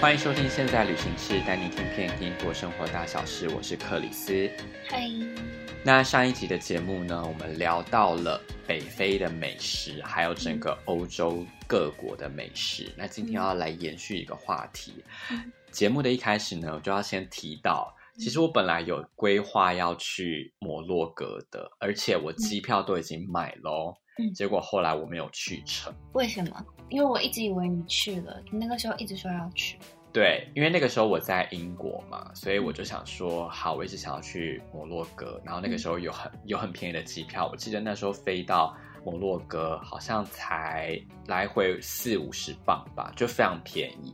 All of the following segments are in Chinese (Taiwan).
歡迎收聽《現在旅行是帶你聽遍英國生活大小事》，我是克里斯。嗨 Hi. 那上一集的節目呢，我們聊到了北非的美食，還有整個歐洲各國的美食。嗯、那今天要來延續一個話題。嗯、節目的一開始呢，我就要先提到，其實我本來有規劃要去摩洛哥的，而且我機票都已經買嘍。嗯嗯，結果後來我沒有去成。為什麼？因為我一直以為你去了，你那個時候一直說要去。對，因為那個時候我在英國嘛，所以我就想說，嗯、好，我一直想要去摩洛哥，然後那個時候有很有很便宜的機票，我記得那時候飛到摩洛哥好像才來回四五十鎊吧，就非常便宜。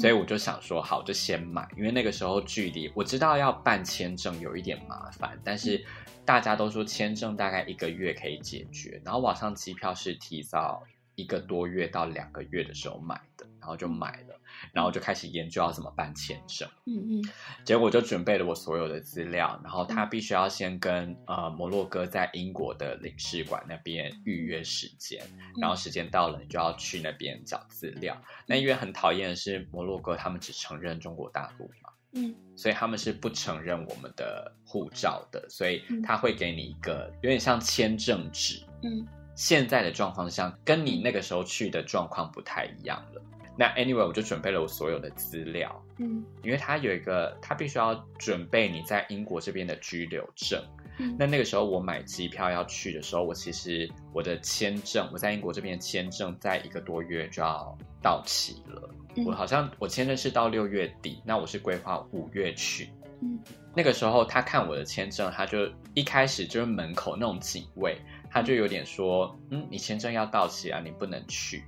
所以我就想說好，好就先買，因為那個時候距離我知道要辦簽證有一點麻煩，但是大家都說簽證大概一個月可以解決，然後網上機票是提早一個多月到兩個月的時候買的，然後就買了。然後就開始研究要怎麼辦簽證。嗯嗯，嗯結果就準備了我所有的資料。然後他必須要先跟呃摩洛哥在英國的領事館那邊預約時間。嗯、然後時間到了，你就要去那邊交資料。嗯、那因為很討厭的是，摩洛哥他們只承認中國大陸嘛。嗯，所以他們是不承認我們的護照的，所以他會給你一個有點像簽證紙。嗯，現在的狀況像跟你那個時候去的狀況不太一樣了。那 anyway 我就準備了我所有的資料，嗯，因為他有一個，他必須要準備你在英國這邊的居留證，嗯，那那個時候我買機票要去的時候，我其實我的簽證，我在英國這邊簽證在一個多月就要到期了，嗯，我好像我簽證是到六月底，那我是規劃五月去，嗯，那個時候他看我的簽證，他就一開始就是門口那種警衛，他就有點說，嗯，嗯，你簽證要到期啊，你不能去。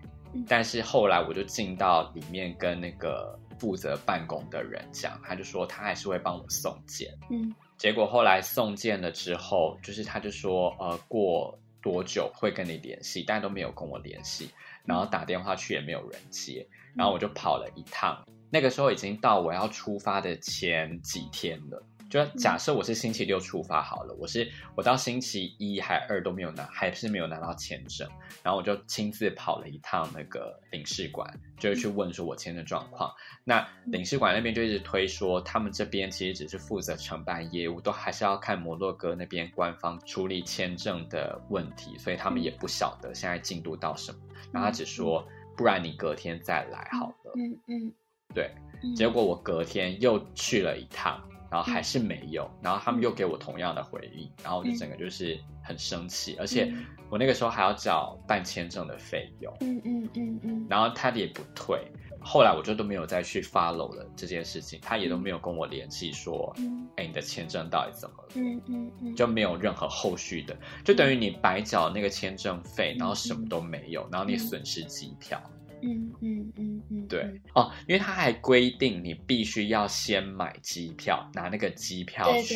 但是後來我就進到裡面跟那個負責辦公的人講，他就說他還是會幫我送件。嗯，結果後來送件了之後，就是他就說，呃，過多久會跟你聯繫，但都沒有跟我聯繫，然後打電話去也沒有人接，然後我就跑了一趟，嗯、那個時候已經到我要出發的前幾天了。就假設我是星期六出發好了，我是我到星期一還二都沒有拿，還是沒有拿到簽證，然後我就親自跑了一趟那個領事館，就是去問說我簽證狀況。嗯、那領事館那邊就一直推說，他們這邊其實只是負責承辦業務，都還是要看摩洛哥那邊官方處理簽證的問題，所以他們也不曉得現在進度到什麼。然後他只說，嗯、不然你隔天再來好了。嗯嗯，嗯對，結果我隔天又去了一趟。然後還是沒有，然後他們又給我同樣的回應，然後我就整個就是很生氣，而且我那個時候還要繳辦簽證的費用，嗯嗯嗯嗯，然後他的也不退，後來我就都沒有再去 follow 了這件事情，他也都沒有跟我聯繫說，哎，你的簽證到底怎麼了，嗯嗯，就沒有任何後續的，就等於你白繳那個簽證費，然後什麼都沒有，然後你損失機票。嗯嗯嗯嗯，嗯嗯嗯對哦，因為他還規定你必須要先買機票，拿那個機票去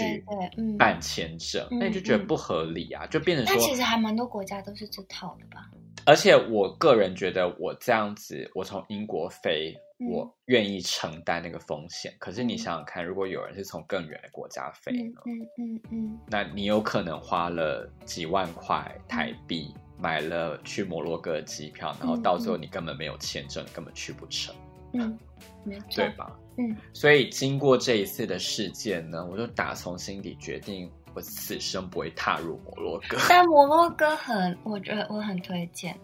辦簽證，對對對嗯、那你就覺得不合理啊，嗯嗯嗯、就變成……說。其實還蠻多國家都是這套的吧。而且我個人覺得，我這樣子，我從英國飛，我願意承擔那個風險。可是你想想看，如果有人是從更遠的國家飛呢？嗯嗯嗯，嗯嗯嗯，那你有可能花了幾萬塊台幣。嗯買了去摩洛哥的機票，然後到最後你根本沒有簽證，嗯、你根本去不成。嗯，沒錯對吧？嗯，所以經過這一次的事件呢，我就打從心底決定，我此生不會踏入摩洛哥。但摩洛哥很，我覺得我很推薦。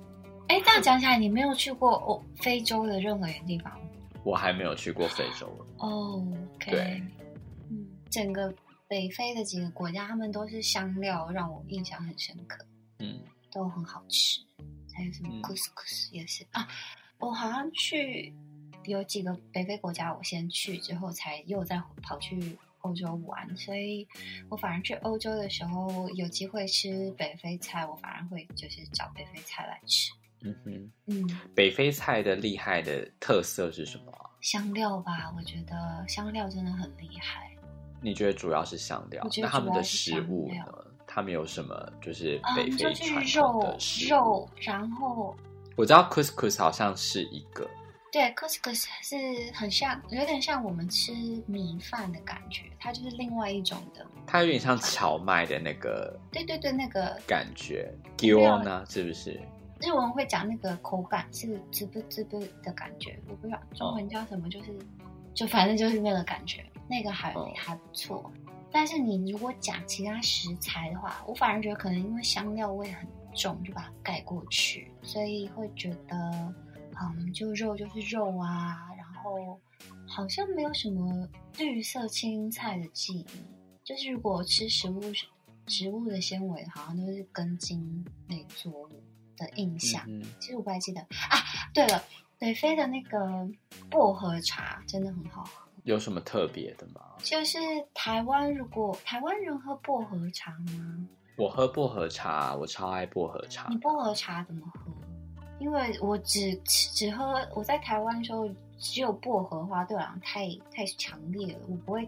哎，這樣講起來，你沒有去過非洲的任何一個地方？我還沒有去過非洲哦。Okay，對，嗯，整個北非的幾個國家，他們都是香料，讓我印象很深刻。嗯。都很好吃，還有什麼 couscous 也是啊。嗯。啊。我好像去有幾個北非國家，我先去之後，才又再跑去歐洲玩。所以，我反正去歐洲的時候，有機會吃北非菜，我反而會就是找北非菜來吃。嗯哼，嗯，北非菜的厲害的特色是什麼？香料吧，我覺得香料真的很厲害。你覺得主要是香料？那他們的食物呢？他們有什麼？就是北非傳統的食物，嗯就是，肉、肉，然後我知道 couscous 好像是一個，對 couscous 是很像，有點像我們吃米飯的感覺，它就是另外一種的。它有點像蕎麥的那個，對對對，那個感覺。Q 呢？是不是日文會講那個口感是滋不滋不的感覺？我不知道中文叫什麼？就是、哦、就反正就是那個感覺，那個還還不錯。哦但是你如果講其他食材的話，我反而覺得可能因為香料味很重，就把它蓋過去，所以會覺得，嗯，就肉就是肉啊，然後好像沒有什麼綠色青菜的記憶。就是如果吃食物食物的纖維，好像都是根莖類作物的印象。嗯嗯，其實我不太記得啊。對了，北非的那個薄荷茶真的很好喝。有什麼特別的嗎？就是台灣，如果台灣人喝薄荷茶嗎？我喝薄荷茶，我超愛薄荷茶。你薄荷茶怎麼喝？因為我只只喝，我在台灣的時候，只有薄荷花對我來講，太太強烈了，我不會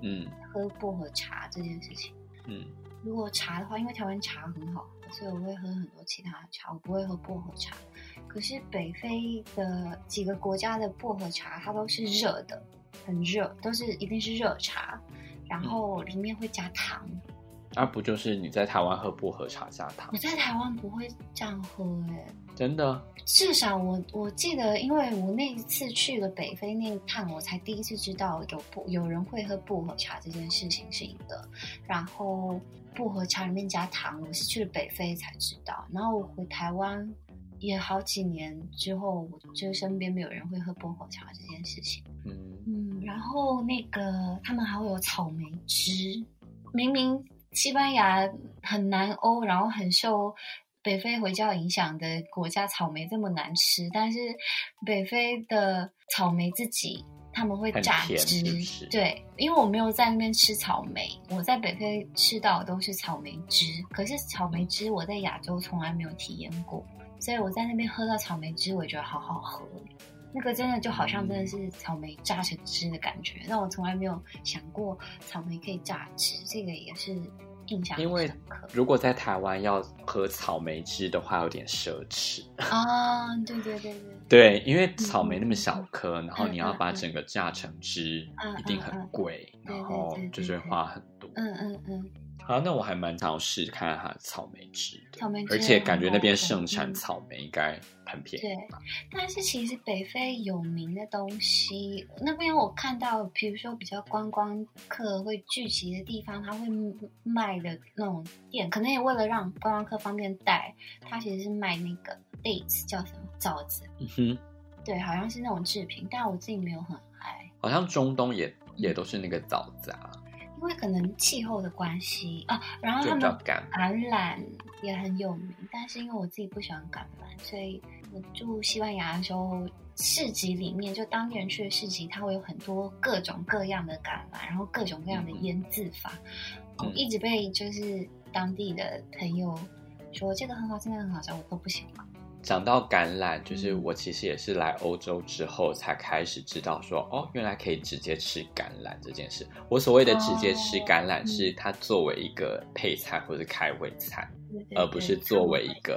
喝薄荷茶這件事情。嗯，如果茶的話，因為台灣茶很好，所以我會喝很多其他茶，我不會喝薄荷茶。可是北非的幾個國家的薄荷茶，它都是熱的。嗯很熱，都是一定是熱茶，然後裡面會加糖。那、嗯啊、不就是你在台灣喝薄荷茶加糖？我在台灣不會這樣喝耶、欸。真的？至少我我記得，因為我那一次去了北非那一趟，我才第一次知道有有人會喝薄荷茶這件事情是贏的。然後薄荷茶裡面加糖，我是去了北非才知道。然後我回台灣也好幾年之後，我就身邊沒有人會喝薄荷茶這件事情。嗯，然後那個他們還會有草莓汁。明明西班牙很南歐，然後很受北非回教影響的國家，草莓這麼難吃，但是北非的草莓自己他們會榨汁。對，因為我沒有在那邊吃草莓，我在北非吃到的都是草莓汁。可是草莓汁我在亞洲從來沒有體驗過，所以我在那邊喝到草莓汁，我覺得好好喝。那個真的就好像真的是草莓榨成汁的感覺，那、嗯、我從來沒有想過草莓可以榨汁，這個也是印象。因為如果在台灣要喝草莓汁的話，有點奢侈啊、哦！對對對對對，因為草莓那麼小顆，嗯、然後你要把整個榨成汁，一定很貴，然後就是會花很多。嗯嗯嗯。嗯嗯好，那我還蠻想試看哈草莓汁，草莓汁，而且感覺那邊盛產草莓應該很便宜。對，但是其實北非有名的東西，那邊我看到，比如說比較觀光客會聚集的地方，他會賣的那種店，可能也為了讓觀光客方便帶，他其實是賣那個 dates，叫什麼棗子？嗯哼，對，好像是那種製品，但我自己沒有很愛。好像中東也也都是那個棗子啊。因為可能氣候的關係啊，然後他們橄欖也很有名，但是因為我自己不喜歡橄欖，所以我住西班牙的時候，市集裡面就當地人去的市集，他會有很多各種各樣的橄欖，然後各種各樣的醃製法，嗯、我一直被就是當地的朋友說對這個很好吃，那、那個很好吃，我都不喜歡。講到橄欖，就是我其實也是來歐洲之後才開始知道說，哦，原來可以直接吃橄欖這件事。我所謂的直接吃橄欖，是它作為一個配菜或者開胃菜，哦、而不是作為一個。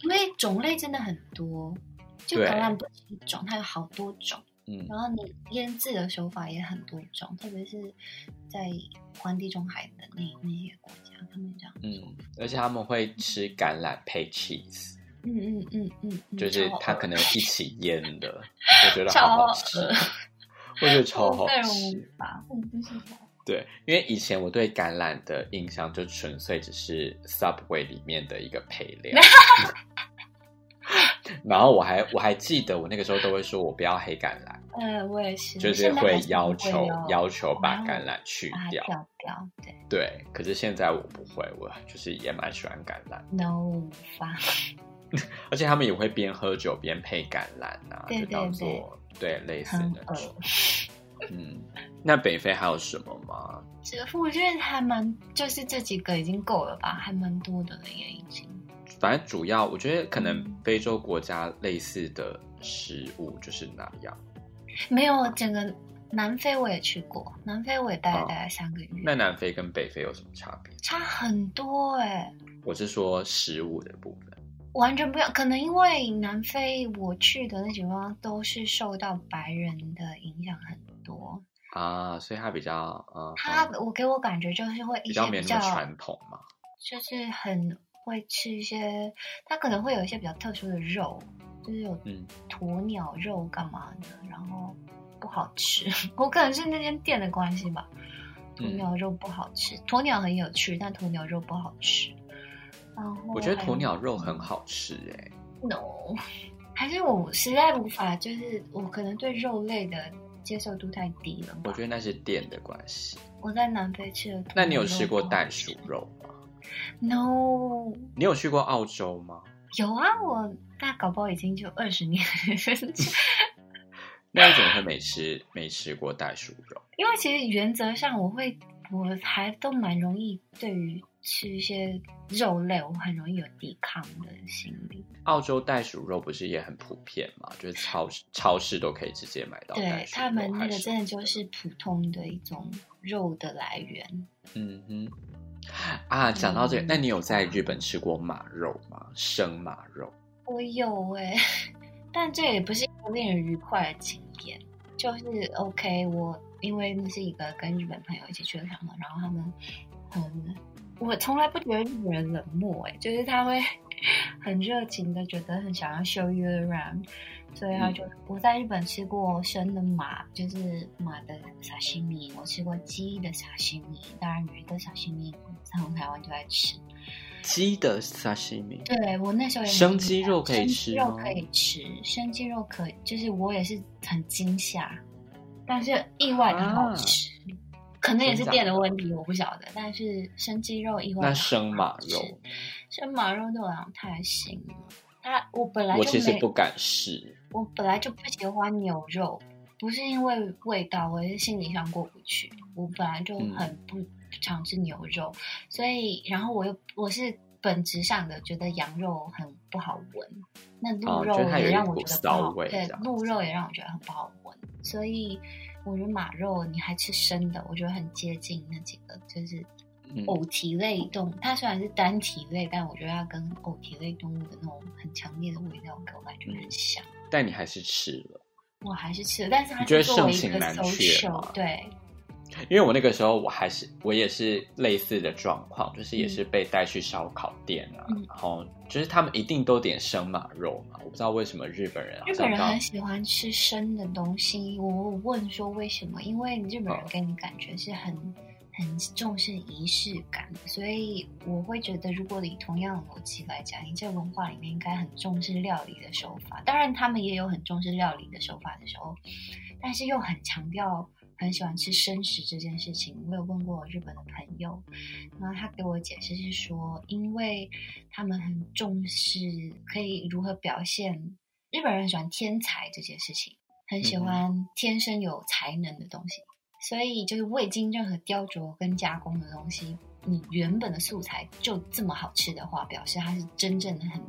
對對對，因為種類真的很多，就橄欖不止一種，它有好多種。嗯對，然後你醃制的手法也很多種，嗯、特別是在環地中海的那那些國家他們這樣。嗯，而且他們會吃橄欖配 cheese。嗯嗯嗯嗯， 就是他可能一起醃的，我覺得超好吃。我覺得超好吃吧，或者是對，因為以前我對橄欖的印象就純粹只是 Subway 裡面的一個配料。 然後我還我還記得我那個時候都會說我不要黑橄欖，嗯、呃，我也是，就是會要求不不會、哦、要求把橄欖去掉，掉掉。對，對可是現在我不會，我就是也蠻喜歡橄欖的。No, 而且他們也會邊喝酒邊配橄欖啊，對就當做對類似的嗯， 那北非還有什麼嗎？其實附近還蠻，就是這幾個已經夠了吧，還蠻多的了也已經。反正主要我覺得可能非洲國家類似的食物就是那樣。嗯、沒有，啊、整個南非我也去過，南非我也待了大概三個月、啊。那南非跟北非有什麼差別？差很多哎、欸。我是說食物的部分。完全不一樣，可能因為南非我去的那幾方都是受到白人的影響很多啊，uh, 所以他比較啊，他、uh, 我它、嗯、給我感覺就是會一些比較，比較傳統嘛，就是很會吃一些，他可能會有一些比較特殊的肉，就是有鴕鳥肉幹嘛的，嗯、然後不好吃。 我可能是那間店的關係吧，鴕、嗯、鳥肉不好吃。鴕鳥很有趣，但鴕鳥肉不好吃。Oh, 我覺得鴕鳥肉很好吃耶。No，還是我實在無法，就是我可能對肉類的接受度太低了。我覺得那是店的關係。我在南非吃的。那你有吃過袋鼠肉嗎？No。你有去過澳洲嗎？有啊，我大概搞不好已經就二十年了。 那你怎麼會沒吃？沒吃過袋鼠肉？因為其實原則上，我會我還都蠻容易對於。吃一些肉類，我很容易有抵抗的心理。澳洲袋鼠肉不是也很普遍嗎？就是超市超市都可以直接買到。對，他們那個真的就是普通的一種肉的來源。嗯哼，啊，講到這個，嗯、那你有在日本吃過馬肉嗎？生馬肉？我有誒、欸，但這也不是令人愉快的經驗。就是 OK，我因為你是一個跟日本朋友一起去的場合，然後他們很。我從來不覺得日本人冷漠、欸，哎，就是他會很熱情的，覺得很想要 show you around，所以他就我在日本吃過生的馬，就是馬的沙西米，我吃過雞的沙西米，當然魚的沙西米在我們台灣就愛吃。雞的沙西米，對，我那時候也吃生雞肉可以吃、哦，肉可以吃，生雞肉可以，就是我也是很驚嚇，但是意外的好吃。啊可能也是店的問題，我不曉得。但是生雞肉一會那生馬肉，生馬肉那樣太腥了。它，我本來就我其實不敢試。我本來就不喜歡牛肉，不是因為味道，我是心理上過不去。我本來就很不常吃、嗯、牛肉，所以然後我又我是本質上的覺得羊肉很不好聞，那鹿肉也讓我覺得對，鹿肉也讓我覺得很不好聞，所以。我覺得馬肉你還吃生的，我覺得很接近那幾個，就是，偶蹄類動物。它雖然是單蹄類，但我覺得它跟偶蹄類動物的那種很強烈的味道，給我感覺很像。但你還是吃了，我還是吃了，但是它作為一個 social，對。因為我那個時候，我還是我也是類似的狀況，就是也是被帶去燒烤店啊。嗯、然後就是他們一定都點生馬肉嘛，我不知道為什麼日本人啊，日本人很喜歡吃生的東西。我問說，為什麼？因為日本人給你感覺是很、哦、很重視儀式感，所以我會覺得，如果你同樣的邏輯來講，你這文化裡面應該很重視料理的手法。當然，他們也有很重視料理的手法的時候，但是又很強調。很喜歡吃生食這件事情，我有問過日本的朋友，然後他給我解釋是說，因為他們很重視可以如何表現，日本人很喜歡天才這件事情，很喜歡天生有才能的東西，嗯。所以就是未經任何雕琢跟加工的東西，你原本的素材就這麼好吃的話，表示它是真正的很。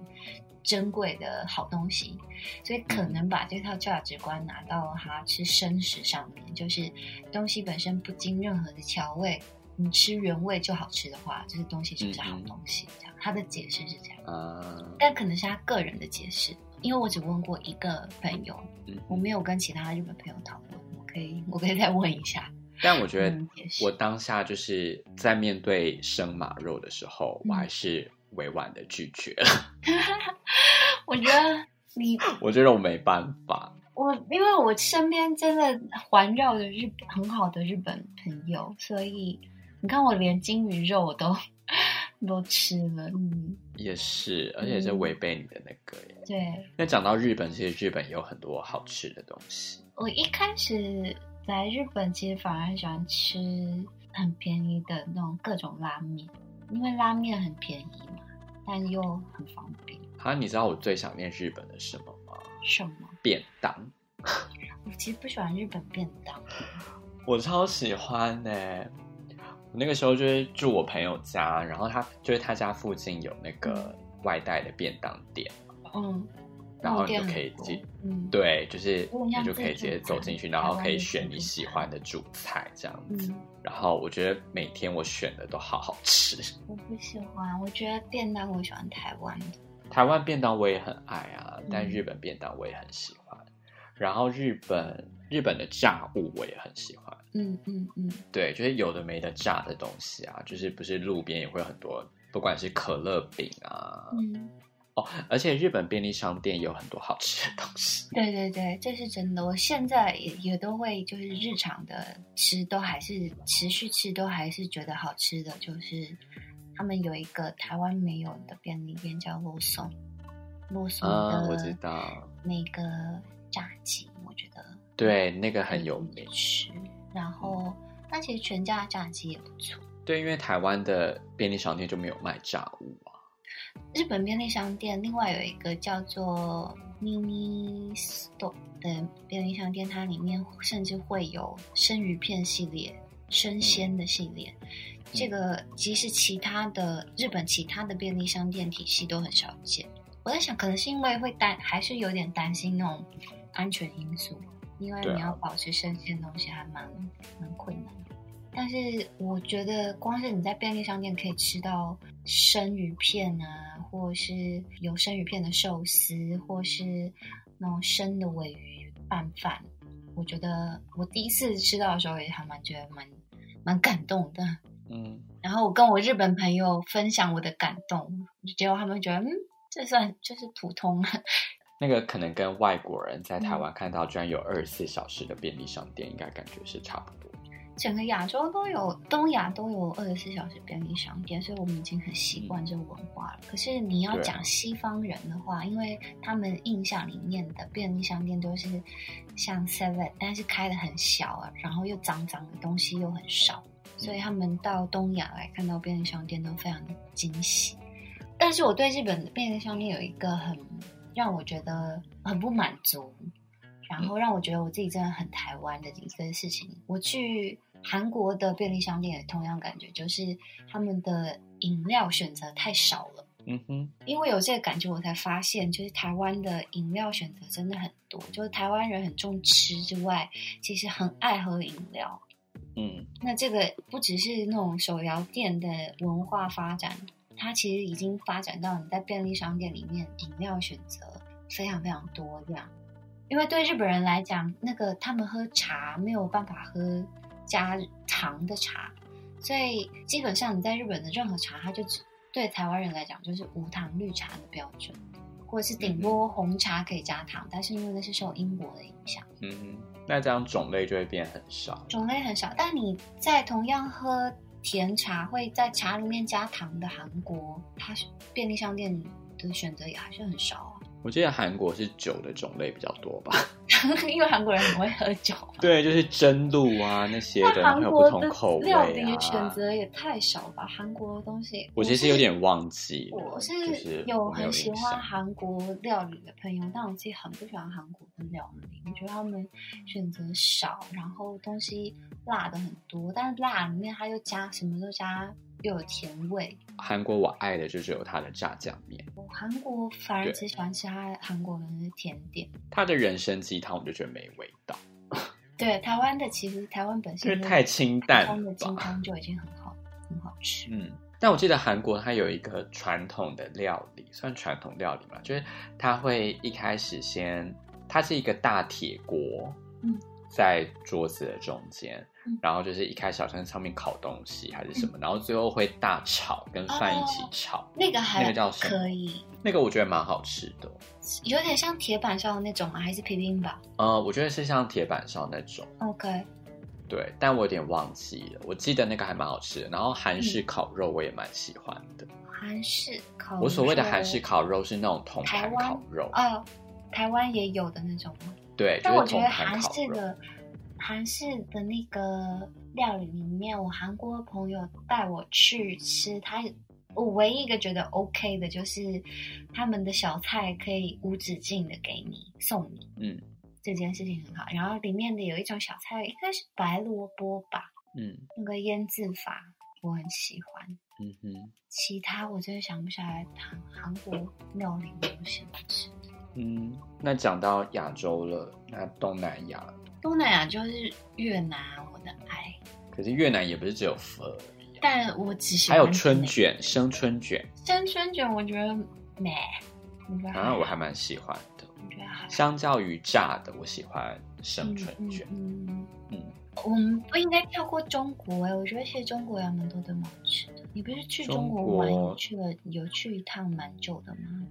珍貴的好東西，所以可能把這套價值觀拿到他吃生食上面，就是東西本身不經任何的調味，你吃原味就好吃的話，這些東西就是好東西。嗯、這樣。他的解釋是這樣。嗯、但可能是他個人的解釋，因為我只問過一個朋友，嗯、我沒有跟其他日本朋友討論。我可以，我可以再問一下。但我覺得，我當下就是在面對生馬肉的時候，嗯、我還是。委婉的拒絕了， 我覺得你，我覺得我沒辦法。我因為我身邊真的環繞着日很好的日本朋友，所以你看我連鯨魚肉我都都吃了。嗯，也是，而且是違背你的那個、嗯。對。那講到日本，其實日本有很多好吃的東西。我一開始在日本，其實反而很喜歡吃很便宜的那種各種拉麵。因為拉麵很便宜嘛，但又很方便。啊，你知道我最想念日本的什麼嗎？什麼？便當。 我其實不喜歡日本便當。我超喜歡呢、欸。我那個時候就是住我朋友家，然後他就是他家附近有那個外帶的便當店。嗯。然後你就可以接，對，嗯、就是你就可以直接走進去，然後可以選你喜歡的主菜，台灣的主菜這樣子。嗯、然後我覺得每天我選的都好好吃。我不喜歡，我覺得便當我喜歡台灣台灣便當我也很愛啊，但日本便當我也很喜歡。嗯、然後日本日本的炸物我也很喜歡。嗯嗯嗯，嗯嗯對，就是有的沒的炸的東西啊，就是不是路邊也會很多，不管是可樂餅啊，嗯。哦，而且日本便利商店有很多好吃的東西。對對對，這是真的。我現在也也都會，就是日常的吃都還是持續吃都還是覺得好吃的。就是他們有一個台灣沒有的便利店叫洛松，洛松的我知道那個炸雞，我覺得、啊、我對那個很有名。食然後那其實全家炸雞也不錯。對，因為台灣的便利商店就沒有賣炸物啊。日本便利商店另外有一個叫做 Mini Store 的便利商店，它裡面甚至會有生魚片系列、生鮮的系列。嗯，這個即使其他的日本其他的便利商店體系都很少見。我在想，可能是因為會擔，還是有點擔心那種安全因素，因為你要保持生鮮的東西還蠻蠻困難。但是我覺得，光是你在便利商店可以吃到生魚片啊，或是有生魚片的壽司，或是那種生的鮪魚拌飯，我覺得我第一次吃到的時候也還蠻覺得蠻蠻感動的。嗯。然後我跟我日本朋友分享我的感動，就結果他們覺得，嗯，這算就是普通。那個可能跟外國人在台灣看到居然有二十四小時的便利商店，嗯、應該感覺是差不多。.整個亞洲都有，東亞都有二十四小時便利商店，所以我們已經很習慣這個文化了。嗯、可是你要講西方人的話，因為他們印象裡面的便利商店都是像 Seven，但是開得很小，啊，然後又髒髒的東西又很少，嗯、所以他們到東亞來看到便利商店都非常的驚喜。但是我對日本的便利商店有一個很讓我覺得很不滿足。然後讓我覺得我自己真的很台灣的這些事情，我去韓國的便利商店也同樣感覺，就是他們的飲料選擇太少了。嗯哼，因為有這個感覺，我才發現就是台灣的飲料選擇真的很多，就是台灣人很重吃之外，其實很愛喝飲料。嗯，那這個不只是那種手搖店的文化發展，它其實已經發展到你在便利商店裡面飲料選擇非常非常多樣。因為對日本人來講，那個他們喝茶沒有辦法喝加糖的茶，所以基本上你在日本的任何茶，它就只對台灣人來講就是無糖綠茶的標準，或者是頂多紅茶可以加糖，嗯嗯，但是因為那是受英國的影響。嗯嗯，那這樣種類就會變很少。種類很少，但你在同樣喝甜茶，會在茶裡面加糖的韓國，它是便利商店的選擇也還是很少啊。我記得韓國是酒的種類比較多吧， 因為韓國人很會喝酒。對，就是真露啊那些的，還有不同口味啊。那韓國的料理選擇也太少吧？韓國的東西，我其實有點忘記我。我是有很喜歡韓國料理的朋友，但我自己很不喜歡韓國的料理，我覺得他們選擇少，然後東西辣的很多，但是辣裡面他又加什麼都加。又有甜味，韓國我愛的就是有它的炸醬麵。我韓國反而只喜歡吃他韓國人的甜點。他的人參雞湯我就覺得沒味道。 對，台灣的其實台灣本身就是太清淡了吧？的雞湯就已經很好，很好吃。嗯，但我記得韓國它有一個傳統的料理，算傳統料理嘛，就是他會一開始先，它是一個大鐵鍋。嗯。在桌子的中間，嗯、然後就是一開始在上面烤東西還是什麼，嗯、然後最後會大炒，跟飯一起炒。哦、那個還那個叫什麼可以，那個我覺得蠻好吃的，有點像鐵板燒那種啊，還是皮皮吧呃、嗯，我覺得是像鐵板燒那種。OK，對，但我有點忘記了，我記得那個還蠻好吃的。然後韓式烤肉我也蠻喜歡的，嗯、韓式烤肉。我所謂的韓式烤肉是那種銅盤烤肉啊、呃，台灣也有的那種嗎？對，但我覺得韓式的韓式的那個料理裡面，我韓國朋友帶我去吃，他我唯一一個覺得 OK 的就是他們的小菜可以無止境的給你送你，嗯，這件事情很好。然後裡面的有一種小菜，應該是白蘿蔔吧，嗯，那個醃製法我很喜歡，嗯哼，其他我真的想不起來韓韓國料理我喜歡吃。嗯，那講到亞洲了，那東南亞，東南亞就是越南，我的愛。可是越南也不是只有佛，但我只喜歡。還有春卷，面生春卷。生春卷，我覺得美，啊，我還蠻喜歡的。嗯、我,歡的我覺得相較於炸的，我喜歡生春卷。嗯，嗯嗯嗯我們不應該跳過中國哎、欸，我覺得其實中國有蠻多的美食的。你不是去中國玩中國去了，有去一趟蠻久的嗎？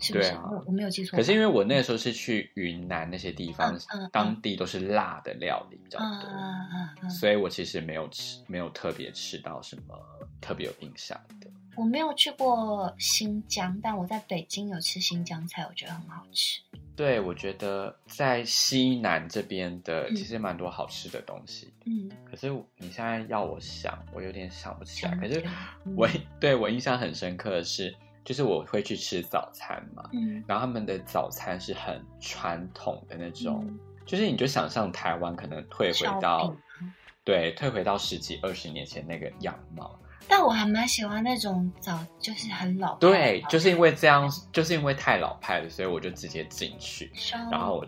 是不是？對啊，我沒有記錯。可是因為我那時候是去雲南那些地方，嗯、當地都是辣的料理比較多，嗯嗯嗯嗯、所以我其實沒有吃，沒有特別吃到什麼特別有印象的。我沒有去過新疆，但我在北京有吃新疆菜，我覺得很好吃。對，我覺得在西南這邊的其實蠻多好吃的東西。嗯，可是你現在要我想，我有點想不起來。嗯、可是我、嗯、對我印象很深刻的是。就是我會去吃早餐嘛，嗯、然後他們的早餐是很傳統的那種，嗯、就是你就想象台灣可能退回到，品對，退回到十幾二十年前那個樣貌。但我還蠻喜歡那種早，就是很老派。對，就是因為這樣，嗯、就是因為太老派了，所以我就直接進去。燒米然後，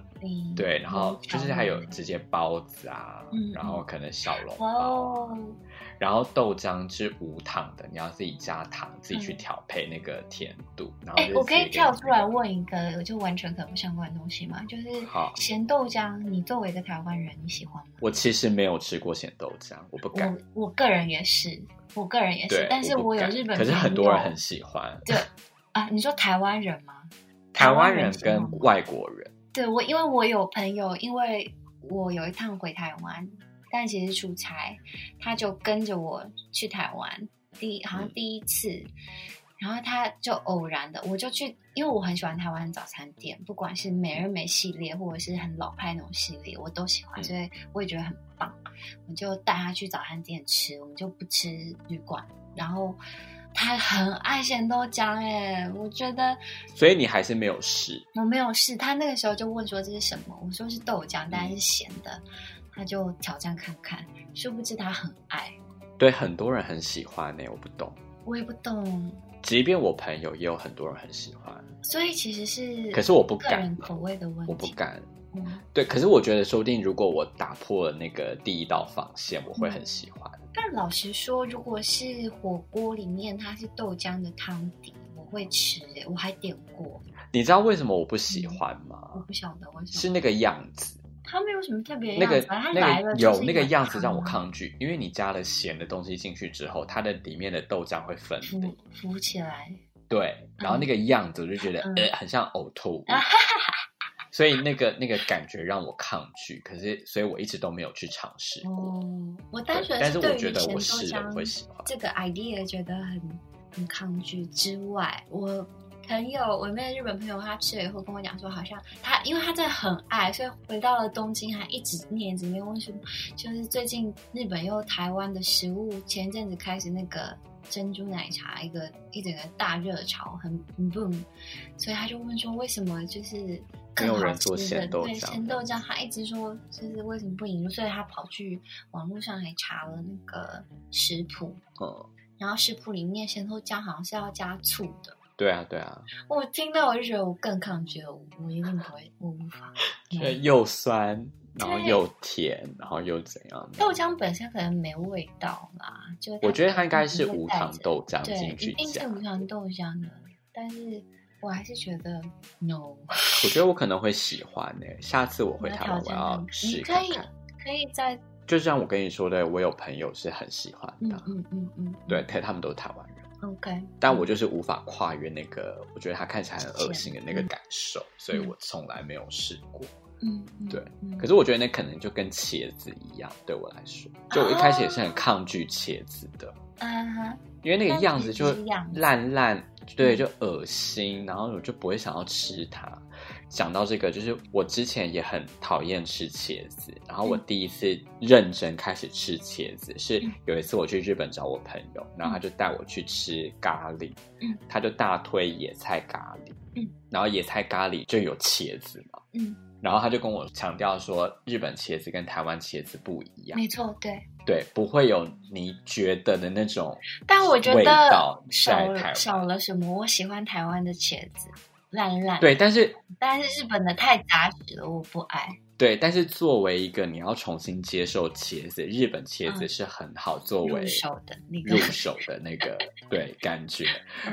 對，然後就是還有直接包子啊，嗯嗯，然後可能小籠包、哦、然後豆漿是無糖的，你要自己加糖，自己去調配那個甜度。嗯、然後、欸，我可以跳出來問一個，我就完全可不相關的東西嗎，就是好鹹豆漿。你作為一個台灣人，你喜歡嗎？我其實沒有吃過鹹豆漿，我不敢。我個人也是。我個人也是，對但是我有日本，可是很多人很喜歡。對， 啊，你說台灣人嗎？台灣人跟外國人？外國人。對，我因為我有朋友，因為我有一趟回台灣，但其實出差，他就跟着我去台灣，第一，好像第一次。嗯然後他就偶然的，我就去，因為我很喜歡台灣的早餐店，不管是美而美系列，或者是很老派那種系列，我都喜歡，所以我也覺得很棒。嗯、我就帶他去早餐店吃，我們就不吃旅館。然後他很愛鹹豆漿耶、欸，我覺得。所以你還是沒有試？我沒有試。他那個時候就問說，這是什麼，我說是豆漿，但是鹹的。嗯、他就挑戰看看，殊不知他很愛。對，很多人很喜歡呢、欸。我不懂。我也不懂。即便我朋友也有很多人很喜歡，所以其實是，可是我不敢，口味的問題，我不，我不敢。嗯、對，可是我覺得，說不定如果我打破了那個第一道防線，我會很喜歡。嗯、但老實說，如果是火鍋裡面它是豆漿的湯底，我會吃誒、欸，我還點過。你知道為什麼我不喜歡嗎？嗯、我不曉得為什麼，我是那個樣子。它沒有什麼特別、啊、那個那個，個有那個樣子讓我抗拒，因為你加了鹹的東西進去之後，它的裡面的豆漿會浮、嗯、浮起來。對，然後那個樣子我就覺得、嗯、欸，很像嘔吐，嗯、所以那個那個感覺讓我抗拒。可是，所以我一直都沒有去嘗試過。哦、我單純但是我覺得是我是會喜歡這個 idea，覺得很很抗拒之外，我。朋友，我一個日本朋友，他吃了以後跟我講說，好像他因為他在很愛，所以回到了東京還一直念，一直有為什麼？就是最近日本又台灣的食物，前一陣子開始那個珍珠奶茶，一個一整個大熱潮，很 boom。所以他就問說，為什麼就是沒有人做鹹豆漿？對，鹹豆漿，他一直說就是為什麼不引入？所以他跑去網絡上還查了那個食譜，哦、然後食譜裡面鹹豆漿好像是要加醋的。對啊，對啊，我聽到我就覺得我更抗拒了，我我一定不會，我無法。就又酸，然後又甜，然後又怎樣？豆漿本身可能沒味道啦，就我覺得它應該是無糖豆漿進去應該是無糖豆漿的，但是我還是覺得 no。我覺得我可能會喜歡呢，下次我回台灣要你可以可以在，就像我跟你說的，我有朋友是很喜歡的，嗯嗯嗯，對，他們都台灣 OK，但我就是無法跨越那個，嗯、我覺得它看起來很噁心的那個感受，嗯、所以我從來沒有試過。嗯，對。嗯嗯、可是我覺得那可能就跟茄子一樣，對我來說，就我一開始也是很抗拒茄子的。啊，因為那個樣子就爛爛，嗯、對，就噁心，嗯、然後我就不會想要吃它。講到這個，就是我之前也很討厭吃茄子，然後我第一次認真開始吃茄子，嗯，是有一次我去日本找我朋友，嗯，然後他就帶我去吃咖喱，嗯，他就大推野菜咖喱，嗯，然後野菜咖喱就有茄子嘛，嗯，然後他就跟我強調說，日本茄子跟台灣茄子不一樣，沒錯，對，對，不會有你覺得的那種味道在台灣，但我覺得少了少了什麼？我喜歡台灣的茄子。爛爛對，但是但是日本的太扎實了，我不愛。對，但是作為一個你要重新接受茄子，日本茄子是很好作為入手的那個，入手的那個，對感覺。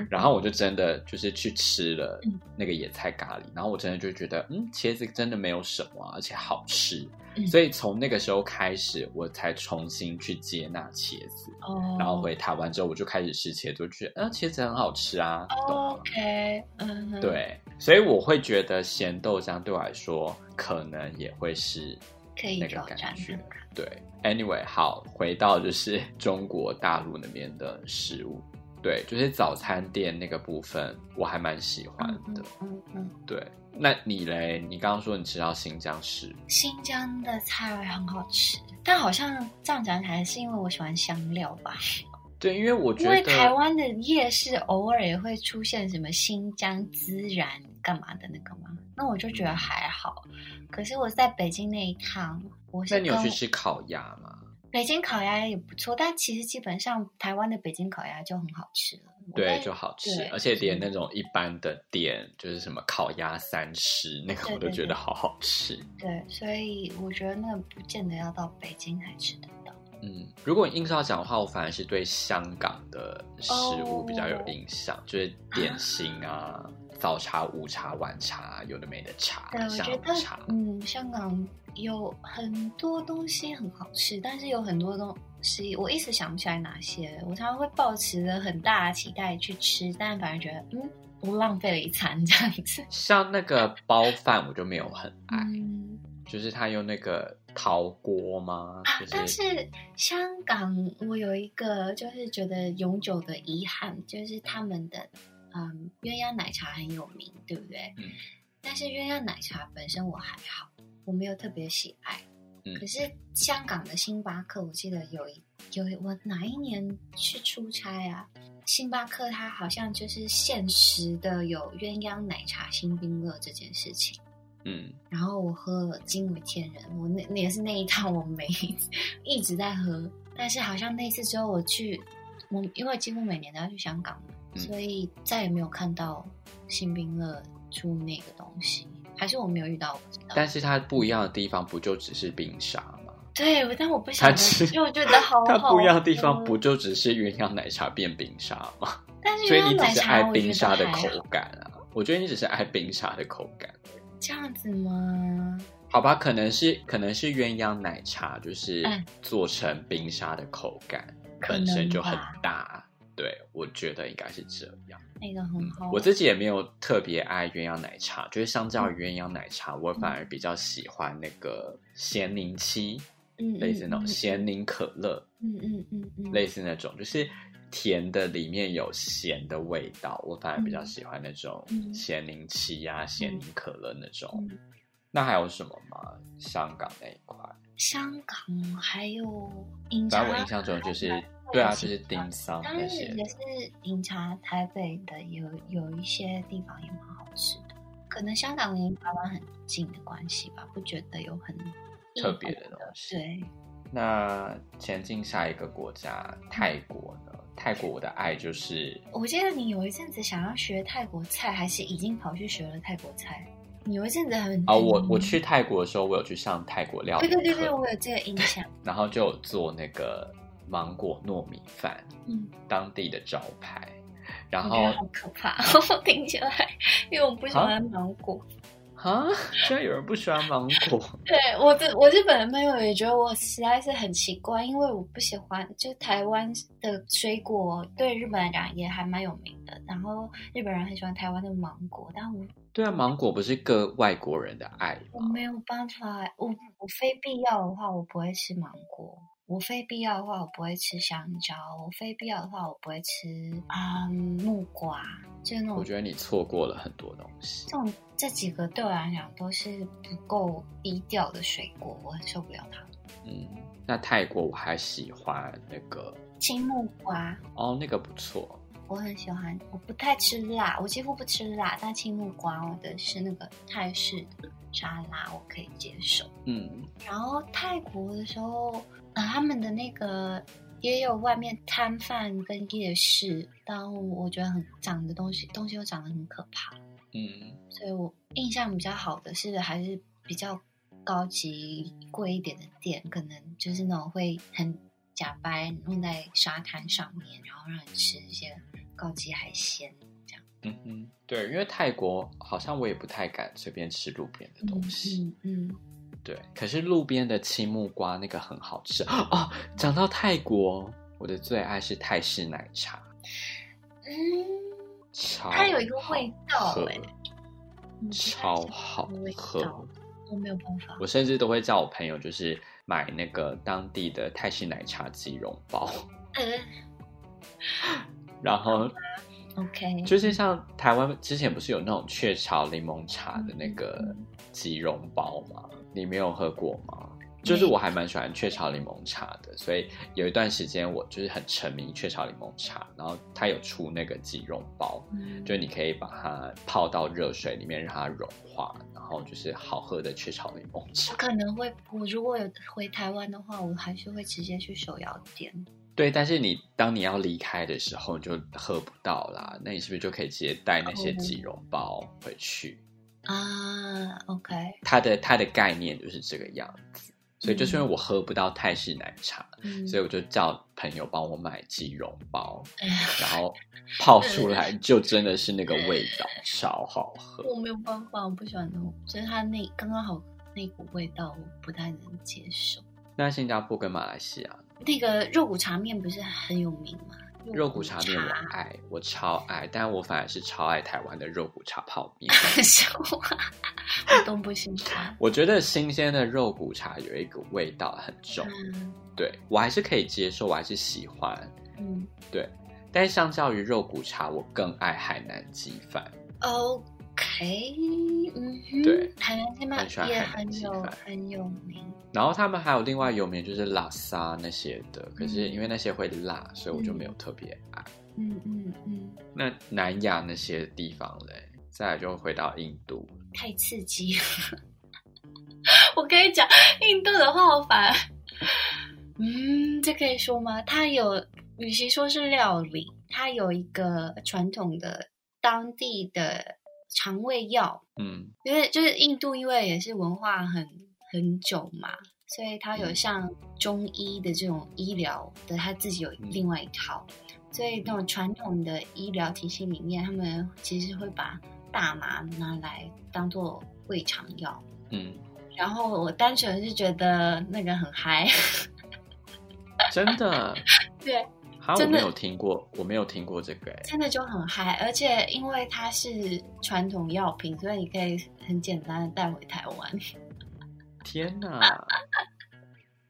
然後我就真的就是去吃了那個野菜咖喱，嗯、然後我真的就覺得，嗯，茄子真的沒有什麼，而且好吃。所以從那個時候開始，我才重新去接納茄子。哦、嗯，然後回台灣之後，我就開始吃茄子，就覺得啊、呃、茄子很好吃啊。哦、懂嗎？哦、OK，嗯，對，所以我會覺得鹹豆漿對我來說可能也會是那個感覺。對，Anyway，好，回到就是中國大陸那邊的食物。對，就是早餐店那個部分，我還蠻喜歡的。嗯，嗯嗯，對。那你嘞？你剛剛說你吃到新疆是新疆的菜味很好吃，但好像這樣講起來，是因為我喜歡香料吧？對，因為我覺得，因為台灣的夜市偶爾也會出現什麼新疆孜然幹嘛的那個嘛。那我就覺得還好。嗯，可是我在北京那一趟，我那你有去吃烤鴨嗎？北京烤鴨也不錯，但其實基本上台灣的北京烤鴨就很好吃了。對，就好吃，對而且連那種一般的店，就是什麼烤鴨三吃，那個我都覺得好好吃對對對。對，所以我覺得那個不見得要到北京才吃得到。得得到得到，嗯，如果你硬是要講的話，我反而是對香港的食物比較有印象，oh, 就是點心啊。啊早茶、午茶、晚茶，有的沒的茶。對，我覺得，嗯，香港有很多東西很好吃，但是有很多東西，我一直想不起來哪些。我常常會抱持着很大的期待去吃，但反而覺得，嗯，我浪費了一餐這樣子。像那個煲飯，我就沒有很愛， 嗯、就是他用那個陶鍋嗎？就是啊、但是香港，我有一個就是覺得永久的遺憾，就是他們的。嗯，鴛鴦奶茶很有名，對不對？嗯。但是鴛鴦奶茶本身我還好，我沒有特別喜愛。嗯。可是香港的星巴克，我記得有一有我哪一年去出差啊？星巴克它好像就是限時的，有鴛鴦奶茶星冰樂這件事情。嗯。然後我喝了驚為天人，我那也是那，那一趟我沒 一直在喝，但是好像那次之後我去，我因為幾乎每年都要去香港。所以再也沒有看到新冰樂出那個東西，還是我沒有遇到。但是它不一樣的地方不就只是冰沙嗎？對，但我不想吃，因為我覺得好。它不一樣的地方不就只是鴛鴦奶茶變冰沙嗎？但是，所以你只是愛冰沙的口感啊？我覺，我覺得你只是愛冰沙的口感啊。這樣子嗎？好吧，可能是，可能是鴛鴦奶茶就是做成冰沙的口感，嗯，本身就很大。嗯對，我覺得應該是這樣，那個很好，嗯。我自己也沒有特別愛鴛鴦奶茶，就是相較鴛鴦奶茶，我反而比較喜歡那個鹹檸七，嗯，類似那種鹹檸可樂，嗯嗯嗯，嗯，嗯，嗯類似那種就是甜的裡面有鹹的味道，我反而比較喜歡那種鹹檸七呀，嗯、鹹檸可樂那種。嗯嗯、那還有什麼嗎？香港那一塊？香港還有飲茶，我印象中就是，對啊，就是點心那些。是也是飲茶，台北的有有一些地方也蠻好吃的。的可能香港離台灣很近的關係吧，不覺得有很特別的東西。對，那前進下一個國家，嗯、泰國呢？泰國我的愛就是，我記得你有一陣子想要學泰國菜，還是已經跑去學了泰國菜？你們現在很、哦、我我去泰國的時候，我有去上泰國料理。對對對對，我有這個印象。然後就有做那個芒果糯米飯，嗯，當地的招牌。然後好可怕，啊、我聽起來，因為我不喜歡芒果哈，居然、啊啊、有人不喜歡芒果？ 對，我的我日本的朋友也覺得我實在是很奇怪，因為我不喜歡。就台灣的水果對日本來講也還蠻有名的，然後日本人很喜歡台灣的芒果，但我。對啊，芒果不是個外國人的愛。我沒有辦法，我我非必要的話，我不會吃芒果；我非必要的話，我不會吃香蕉；我非必要的話，我不會吃、嗯、木瓜，就是、那種。我覺得你錯過了很多東西。這種這幾個對我來講都是不夠低調的水果，我很受不了它。嗯，那泰國我還喜歡那個青木瓜哦，那個不錯。我很喜歡，我不太吃辣，我幾乎不吃辣。但青木瓜，我的是那個泰式沙拉，我可以接受。嗯，然後泰國的時候，啊，他們的那個也有外面攤販跟夜市，但我覺得很長的東西，東西又長得很可怕。嗯，所以我印象比較好的是還是比較高級、貴一點的店，可能就是那種會很。假掰弄在沙灘上面，然後讓你吃一些高級海鮮，這樣。嗯，嗯對，因為泰國好像我也不太敢隨便吃路邊的東西。嗯，嗯，嗯對。可是路邊的青木瓜那個很好吃哦，講到泰國，我的最愛是泰式奶茶。嗯，超它有一個味道超好喝，欸，我超好喝沒有辦法。我甚至都會叫我朋友，就是。買那個當地的泰式奶茶即溶包，嗯、 然後，OK，就是像台灣之前不是有那種雀巢檸檬茶的那個即溶包嗎？你沒有喝過嗎？就是我還蠻喜歡雀巢檸檬茶的，所以有一段時間我就是很沉迷雀巢檸檬茶。然後它有出那個即溶包，嗯、就你可以把它泡到熱水裡面讓它融化，然後就是好喝的雀巢檸檬茶。我可能會，我如果有回台灣的話，我還是會直接去手搖店。對，但是你當你要離開的時候，你就喝不到啦。那你是不是就可以直接帶那些即溶包回去啊、oh. uh,？OK，它的它的概念就是這個樣子。對，所以就是因為我喝不到泰式奶茶，嗯、所以我就叫朋友幫我買即溶包，哎、呀然後泡出來就真的是那個味道。哎、呀超好喝。我沒有辦法，我不喜歡那種，所以它那剛剛好那股味道我不太能接受。那新加坡跟馬來西亞那個肉骨茶麵不是很有名嗎？肉骨茶麵我愛，茶我超愛，但我反而是超愛台灣的肉骨茶泡麵。東新 我，我覺得新鮮的肉骨茶有一股味道很重，嗯、對我還是可以接受，我還是喜歡。嗯、對，但是相較於肉骨茶，我更愛海南雞飯。哦。哎、欸，嗯哼，對，海南雞飯也很有很有名。然後他們還有另外有名就是叻沙那些的，嗯、可是因為那些會辣，所以我就沒有特別愛。嗯嗯嗯。嗯嗯嗯，那南亞那些地方嘞？再來就回到印度，太刺激了。 我跟你講，印度的話好煩 嗯，這可以說嗎？它有，與其說是料理，它有一個傳統的當地的。腸胃藥，嗯，因為就是印度，因為也是文化很很久嘛，所以他有像中醫的這種醫療的，他自己有另外一套，嗯、所以那種傳統的醫療體系裡面，他們其實會把大麻拿來當做胃腸藥，嗯，然後我單純是覺得那個很嗨，真的， 對。蛤真的我沒有聽過，我沒有聽過這個、欸。真的就很嗨，而且因為它是傳統藥品，所以你可以很簡單的帶回台灣。天哪、啊！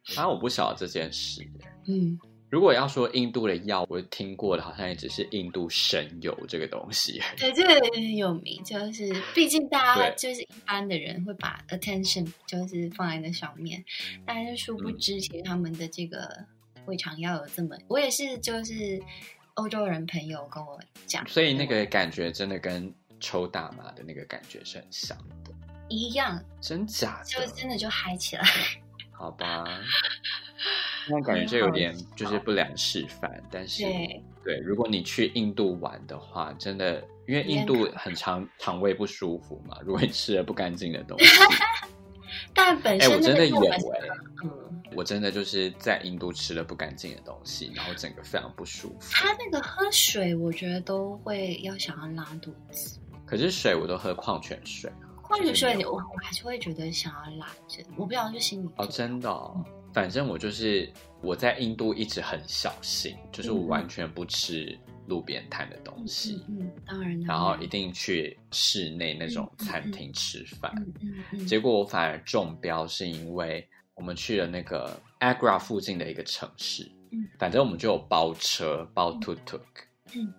反正、 啊、我不曉得這件事、欸。嗯，如果要說印度的藥，我聽過的好像也只是印度神油這個東西、欸。對，這個有名，就是畢竟大家就是一般的人會把 attention 就是放在那上面，對但是殊不知其實他們的這個。嗯會常要有這麼，我也是，就是歐洲人朋友跟我講，所以那個感覺真的跟抽大麻的那個感覺是很像的，一樣，真假就真的就嗨起來，對好吧？ 那感覺就有點就是不良示範，吃但是對，對，如果你去印度玩的話，真的，因為印度很常腸胃不舒服嘛，如果你吃了不乾淨的東西， 但本身、欸、我真的以為，嗯我真的就是在印度吃了不乾淨的東西，然後整個非常不舒服。他那個喝水，我覺得都會要想要拉肚子。可是水我都喝礦泉水，礦泉水我我還是會覺得想要拉。真的，我不曉得是心理哦。真的、哦，嗯、反正我就是我在印度一直很小心，就是我完全不吃路邊攤的東西。嗯，嗯，嗯，當然。然後一定去室內那種餐廳吃飯。嗯，嗯，嗯，嗯，嗯，嗯，結果我反而中標，是因為，我們去了那個 Agra 附近的一個城市，反正我們就有包車包 tuktuk，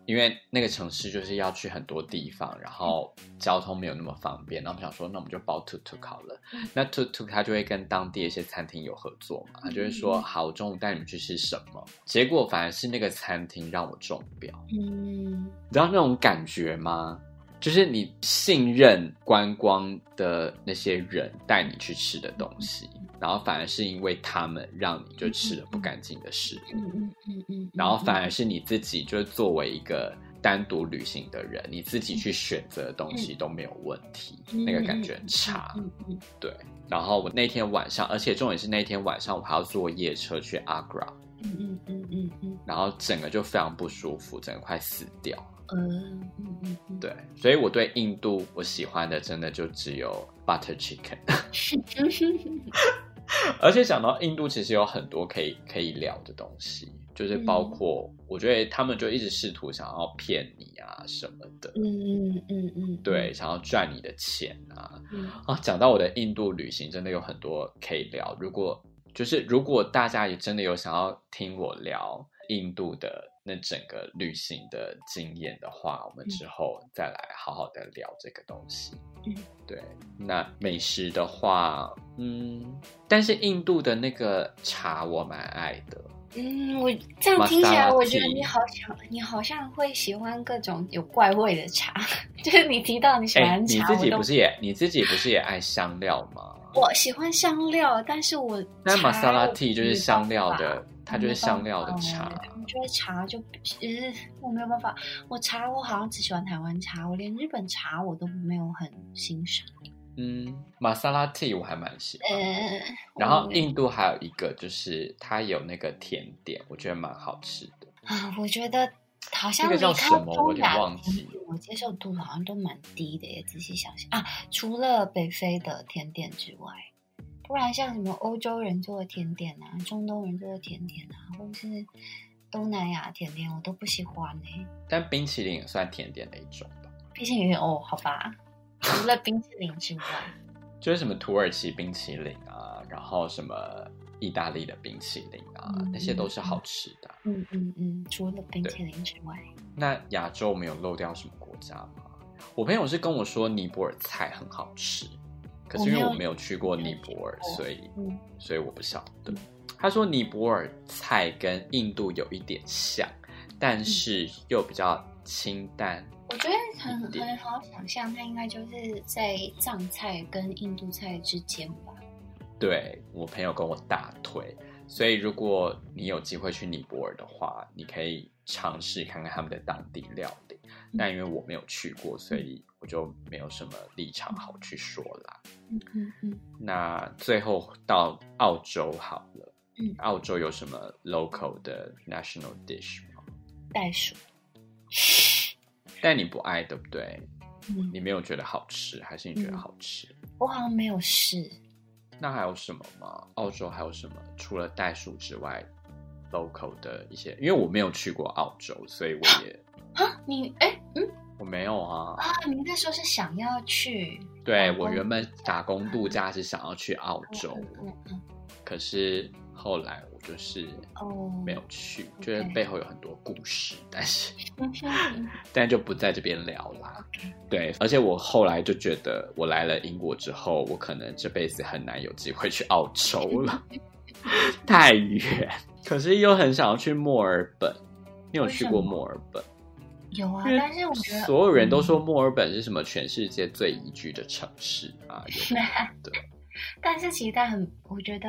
因為那個城市就是要去很多地方，然後交通沒有那麼方便，然後我們想說那我們就包 tuktuk 好了，那 tuktuk 他就會跟當地的一些餐廳有合作嘛，他就會說好，我中午帶你們去吃什麼，結果反而是那個餐廳讓我中標，嗯，你知道那種感覺嗎？就是你信任觀光的那些人帶你去吃的東西，然後反而是因為他們讓你就吃了不乾淨的食物，然後反而是你自己就是作為一個單獨旅行的人，你自己去選擇的東西都沒有問題，那個感覺很差，對。然後我那天晚上，而且重點是那天晚上我還要坐夜車去阿格拉，然後整個就非常不舒服，整個快死掉。嗯嗯嗯，對，所以我對印度我喜歡的真的就只有 butter chicken，而且講到印度，其實有很多可以可以聊的東西，就是包括、嗯、我覺得他們就一直試圖想要騙你啊什麼的，嗯嗯嗯嗯，嗯嗯嗯對，想要賺你的錢啊，嗯、啊，講到我的印度旅行，真的有很多可以聊。如果就是如果大家也真的有想要聽我聊印度的。那整個旅行的經驗的話，我們之後再來好好的聊這個東西。嗯、對，那美食的話，嗯，但是印度的那個茶我蠻愛的。嗯，我這樣聽起來，我覺得你好像，你好像會喜歡各種有怪味的茶。 就是你提到你喜歡茶，欸、你自己不是也都你自己不是也愛香料嗎？我喜歡香料，但是我那 Masala tea 就是香料的，它就是香料的茶。覺得茶就呃我沒有辦法，我茶我好像只喜歡台灣茶，我連日本茶我都沒有很欣賞。嗯，瑪莎拉茶我還蠻喜歡。嗯、然後印度還有一個就是它有那個甜點，我覺得蠻好吃的。啊、嗯，我覺得好像這個叫什麼，我有點忘記。嗯，我接受度好像都蠻低的。也仔細想想啊，除了北非的甜點之外，不然像什麼歐洲人做的甜點啊，中東人做的甜點啊，或者是。東南亞甜點我都不喜歡呢、欸，但冰淇淋也算甜點的一種吧。冰淇淋哦，好吧， 除了冰淇淋之外，就是什麼土耳其冰淇淋啊，然後什麼意大利的冰淇淋啊，嗯、那些都是好吃的。嗯嗯嗯，除了冰淇淋之外，那亞洲沒有漏掉什麼國家嗎？我朋友是跟我說尼泊爾菜很好吃，可是因為我沒有去過尼泊爾，尼泊爾所以、嗯、所以我不曉得。嗯他說尼泊爾菜跟印度有一點像，但是又比較清淡。我覺得很很好想象，它應該就是在藏菜跟印度菜之間吧。對，我朋友跟我大推，所以如果你有機會去尼泊爾的話，你可以嘗試看看他們的當地料理。但因為我沒有去過，所以我就沒有什麼立場好去說啦。嗯嗯嗯。嗯嗯，那最後到澳洲好了。澳洲有什麼 local 的 national dish 嗎？袋鼠，但你不愛對不對？嗯、你沒有覺得好吃，還是你覺得好吃？嗯、我好像沒有試。那還有什麼嗎？澳洲還有什麼？除了袋鼠之外、嗯、local 的一些，因為我沒有去過澳洲，所以我也你哎、欸、嗯，我沒有啊啊，你那時候是想要去？對、啊、我，我原本打工度假是想要去澳洲，嗯嗯嗯嗯、可是。後來我就是沒有去，oh, okay. 覺得背後有很多故事，但是，oh, okay. 但就不在這邊聊啦。Okay. 對，而且我後來就覺得，我來了英國之後，我可能這輩子很難有機會去澳洲了， 太遠。可是又很想要去墨爾本，你有去過墨爾本？有啊，因為 但是我覺得所有人都說墨爾本是什麼全世界最宜居的城市啊，對。但是其實它很，我覺得。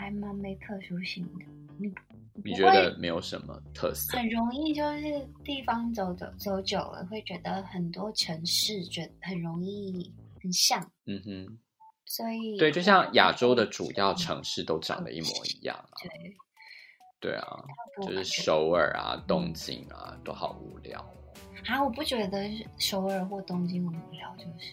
還蠻沒特殊性的，你、嗯、你覺得沒有什麼特色？很容易就是地方走走走久了，會覺得很多城市，覺得很容易很像。嗯哼，所以對，就像亞洲的主要城市都長得一模一樣、啊。對，對啊，不就是首爾啊、東京啊，嗯、都好無聊、哦。啊，我不覺得首爾或東京無聊，就是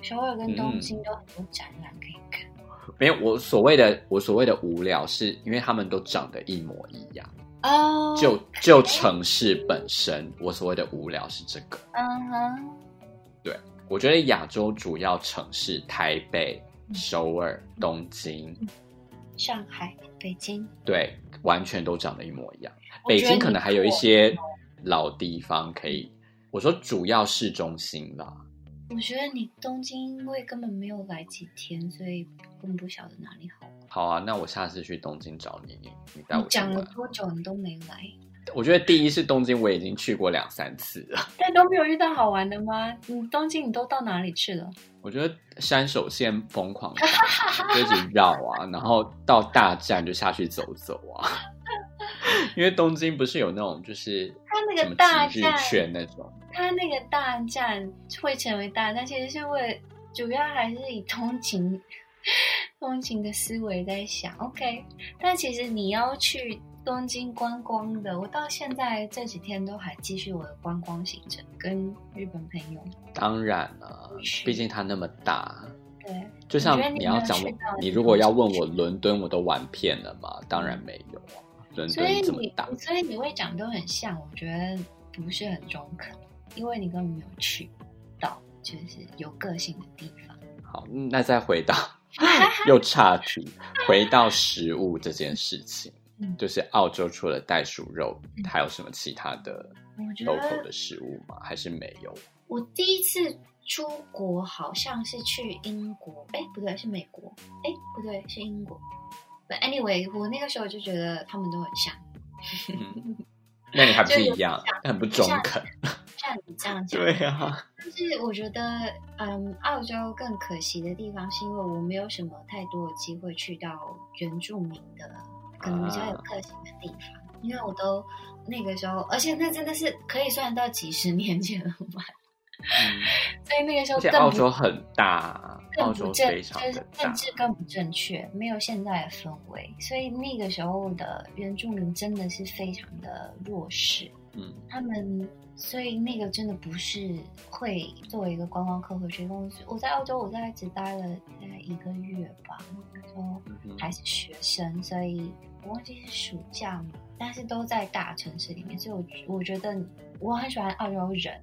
首爾跟東京都很多展覽、嗯、可以看。沒有，我所謂的我所謂的無聊，是因為他們都長得一模一樣。哦、oh, okay.，就就城市本身，我所謂的無聊是這個。嗯哼、uh-huh. 對，我覺得亞洲主要城市，台北、首爾、嗯、東京、嗯、上海、北京，對，完全都長得一模一樣。北京可能還有一些老地方可以，嗯、我說主要市中心吧。我覺得你東京因為根本沒有來幾天，所以根本不曉得哪裡好。好啊，那我下次去東京找你，你你帶我去，你講了多久你都沒來。我覺得第一次東京我已經去過兩三次了，但都沒有遇到好玩的嗎？你東京你都到哪裡去了？我覺得山手線瘋狂，就一直繞啊， 然後到大站就下去走走啊。因為東京不是有那種就是他那，那個大站他那個大站會成為大站，其實是為主要還是以通勤，通勤的思維在想。OK，但其實你要去東京觀光的，我到現在這幾天都還繼續我的觀光行程，跟日本朋友。當然了、啊，是畢竟他那麼大。對，就像你要講，你，你，要你如果要問我倫敦我都玩遍了嗎？當然沒有。所以你所以你會長得都很像，我覺得不是很中肯，因為你根本沒有去到，就是有個性的地方。好、嗯，那再回到 又插曲， 回到食物這件事情， 嗯、就是澳洲除了袋鼠肉，嗯、還有什麼其他的 local 的食物嗎？還是沒有？我第一次出國好像是去英國，哎、欸，不對，是美國，哎、欸，不對，是英國。Anyway，我那個時候就覺得他們都很像。嗯、那你還不是一樣？ 像很不中肯。像，像你這樣講，對啊。但是我覺得，嗯，澳洲更可惜的地方是因為我沒有什麼太多的機會去到原住民的可能比較有個性的地方，啊、因為我都那個時候，而且那真的是可以算到幾十年前了吧？嗯、所以那個時候，而且澳洲很大。更正就是政治更不正確，沒有現在的氛圍，所以那個時候的原住民真的是非常的弱勢。嗯，他們所以那個真的不是會作為一個觀光客會去，我在澳洲，我在只待了大概一個月吧，那個時候還是學生，所以我忘記是暑假嘛。但是都在大城市裡面，所以我我覺得我很喜歡澳洲人，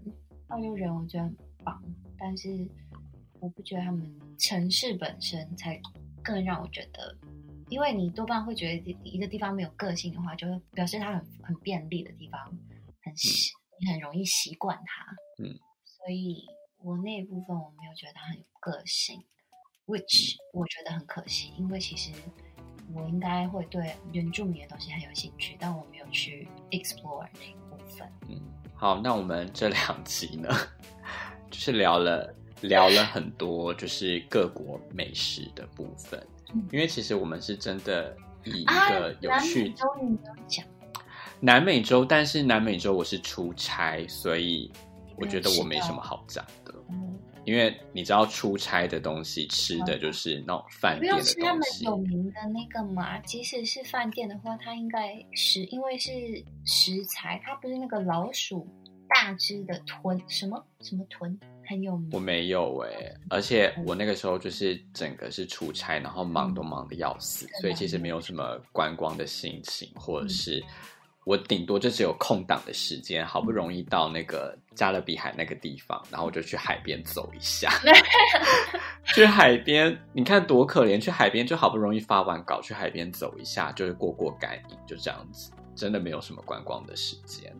澳洲人我覺得很棒，但是。我不覺得他們城市本身才更讓我覺得，因為你多半會覺得一個地方沒有個性的話，就會表示它很很便利的地方，很、嗯、你很容易習慣它。嗯。所以我那一部分我沒有覺得他很有個性，嗯，which 我覺得很可惜，因為其實我應該會對原住民的東西很有興趣，但我沒有去 explore 那一部分。嗯，好，那我們這兩集呢， 就是聊了。聊了很多，就是各國美食的部分，嗯、因為其實我們是真的以一個有趣。啊、南美洲你都講。南美洲，但是南美洲我是出差，所以我覺得我沒什麼好講的，嗯、因為你知道出差的東西吃的就是那種飯店的東西。他們有名的那個嘛，即使是飯店的話，它應該是因為是食材，它不是那個老鼠大只的豚什麼什麼豚。很有名，我沒有哎、欸，而且我那個時候就是整個是出差，然後忙都忙得要死，嗯、所以其實沒有什麼觀光的心情，或者是我頂多就只有空檔的時間，好不容易到那個加勒比海那個地方，然後我就去海邊走一下，去海邊，你看多可憐，去海邊就好不容易發完稿，去海邊走一下就是過過乾癮，就這樣子，真的沒有什麼觀光的時間。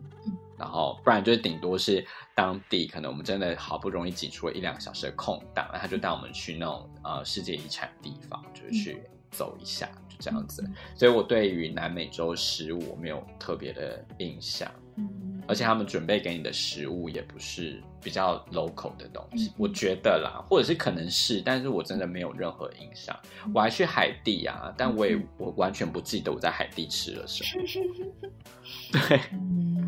然後不然就頂多是當地，可能我們真的好不容易擠出了一兩個小時的空檔，嗯、然後他就帶我們去那種呃世界遺產地方，就是去走一下，嗯、就這樣子。所以我對於南美洲食物我沒有特別的印象，嗯、而且他們準備給你的食物也不是比較 local 的東西。嗯、我覺得啦，或者是可能是，但是我真的沒有任何印象。嗯、我還去海地啊，但我也我完全不記得我在海地吃了什麼。嗯、對。嗯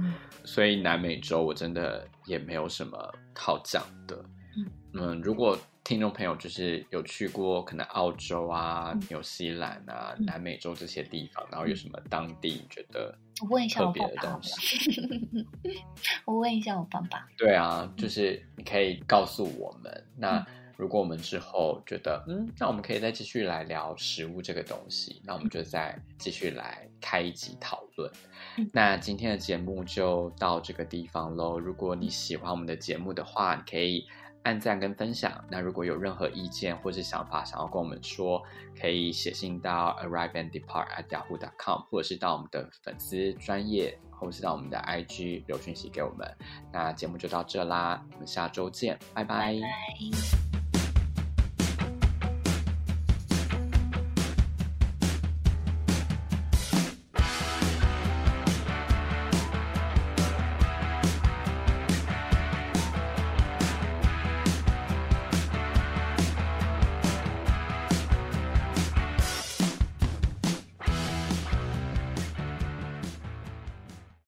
所以南美洲我真的也沒有什麼好講的。嗯、嗯，如果聽眾朋友就是有去過可能澳洲啊、嗯、紐西蘭啊、嗯、南美洲這些地方，嗯、然後有什麼當地你覺得特別的東西，我問一下我爸爸，我問一下我爸爸。 我問一下我爸爸。對啊，就是你可以告訴我們。那如果我們之後覺得嗯，那我們可以再繼續來聊食物這個東西，那我們就再繼續來開一集討論。那今天的節目就到這個地方嘍。如果你喜歡我們的節目的話，你可以按讚跟分享。那如果有任何意見或是想法想要跟我們說，可以寫信到 arrive and depart at yahoo dot com，或者是到我們的粉絲專頁，或是到我們的 IG 留訊息給我們。那節目就到這啦，我們下週見，拜拜。拜拜。